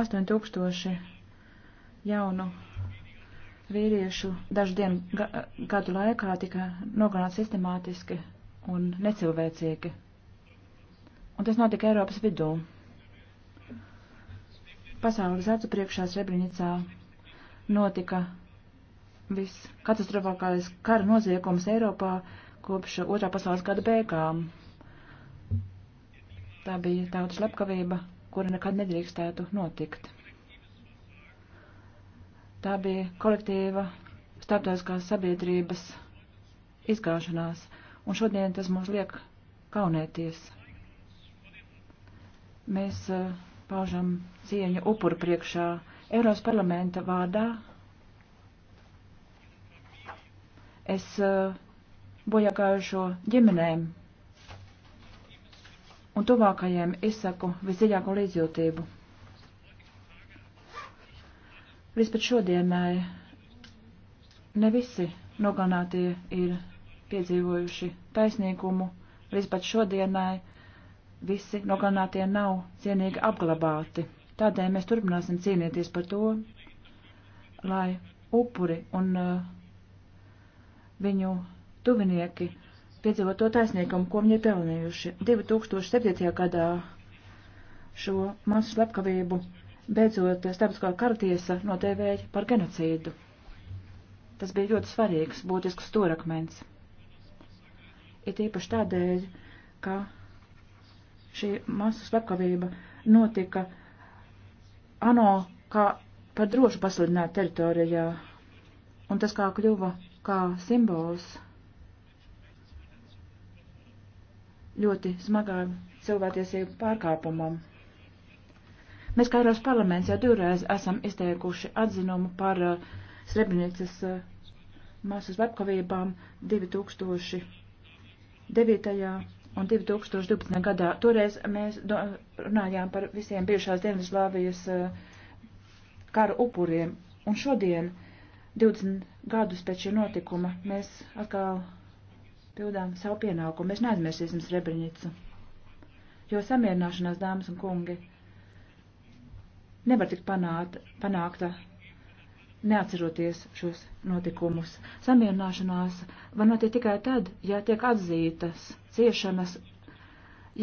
8000 jaunu vīriešu dažu dienu gadu laikā tika nogalināti sistemātiski un necilvēcīgi. Un tas notika Eiropas vidū. Pasaules acu priekšā Srebrenicā notika viss katastrofālākais kara noziegums Eiropā kopš otrā pasaules gada beigām. Tā bija tautas lepkavība kura nekad nedrīkstētu notikt. Tā bija kolektīva starptautiskās sabiedrības izgāšanās, un šodien tas mums liek kaunēties. Mēs uh, paužam cieņu upuru priekšā Eiropas parlamenta vārdā. Es uh, bojāgājušo ģimenēm un tuvākajiem izsaku visdziļāko līdzjūtību. Līdz pat šodienai eh, ne visi nogalinātie ir piedzīvojuši taisnīgumu, līdz pat šodienai visi nogalinātie nav cienīgi apglabāti. Tādēļ mēs turpināsim cīnīties par to, lai upuri un uh, viņu tuvinieki piedzīvot to taisnīgumu, ko viņi ir pelnījuši. 2007. gadā šo masu slepkavību beidzot starptautiskā kartiesa notēvēja par genocīdu. Tas bija ļoti svarīgs, būtisks stūrakmens. Ir īpaši tādēļ, ka šī masu slepkavība notika ANO kā par drošu pasludināt teritorijā, un tas kā kļuva kā simbols ļoti smagām cilvēktiesību pārkāpumam. Mēs kā Eiropas parlaments jau divreiz esam izteikuši atzinumu par uh, Srebrenicas uh, māsas vepkavībām 2009. un 2012. gadā. Toreiz mēs do, runājām par visiem bijušās Dienvidslāvijas uh, kara upuriem. Un šodien, 20 gadus pēc šī notikuma, mēs atkal pildām savu pienākumu. Mēs neaizmirsīsim Srebrenicu. Jo samierināšanās, dāmas un kungi, nevar tikt panāt, panākta neatceroties šos notikumus. Samierināšanās var notikt tikai tad, ja tiek atzītas ciešanas,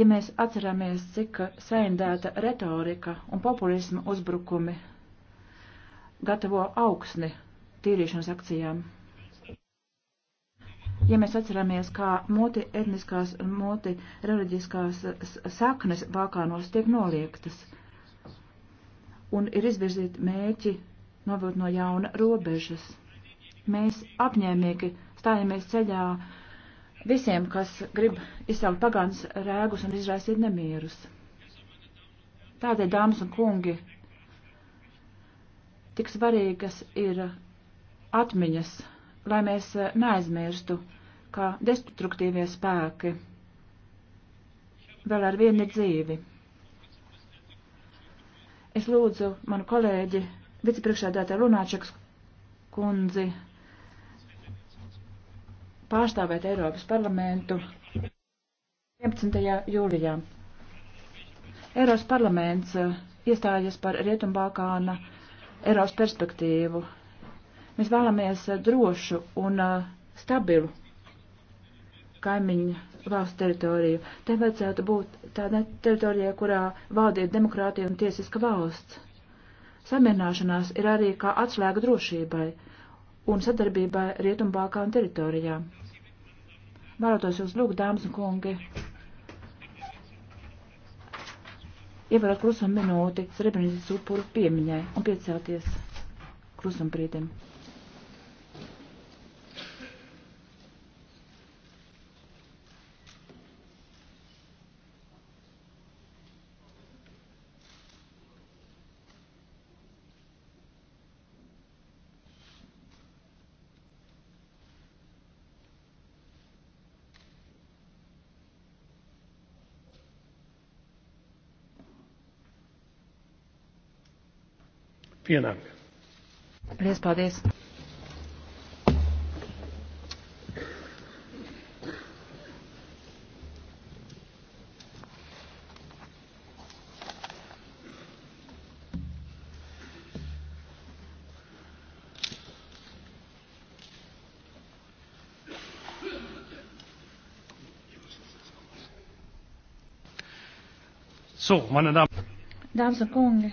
ja mēs atceramies, cik saindēta retorika un populisma uzbrukumi gatavo augsni tīrīšanas akcijām. Ja mēs atceramies, kā moti etniskās un moti reliģiskās saknes Balkānos tiek noliektas un ir izvirzīti mēķi novilt no jauna robežas. Mēs apņēmīgi stājamies ceļā visiem, kas grib izsaukt pagāns rēgus un izraisīt nemierus. Tādēļ, dāmas un kungi, tik svarīgas ir atmiņas, lai mēs neaizmirstu ka destruktīvie spēki vēl ar vienu dzīvi. Es lūdzu manu kolēģi, vicepriekšādātāju Lunāčakas kundzi, pārstāvēt Eiropas parlamentu 11. jūlijā. Eiropas parlaments uh, iestājas par Rietumbalkāna Eiropas perspektīvu. Mēs vēlamies uh, drošu un uh, stabilu kaimiņu valsts teritoriju. Te vajadzētu būt tādā teritorijā, kurā valdīja demokrātija un tiesiska valsts. Samierināšanās ir arī kā atslēga drošībai un sadarbībai Rietumbalkānu teritorijā. Vēlētos jūs lūgt, dāmas un kungi, ievarot klusuma minūti Srebrenicas upuru piemiņai un piecelties klusumbrīdim. Vielen Dank. Lies, paldies. So, meine Damen. Dāmas un kungi,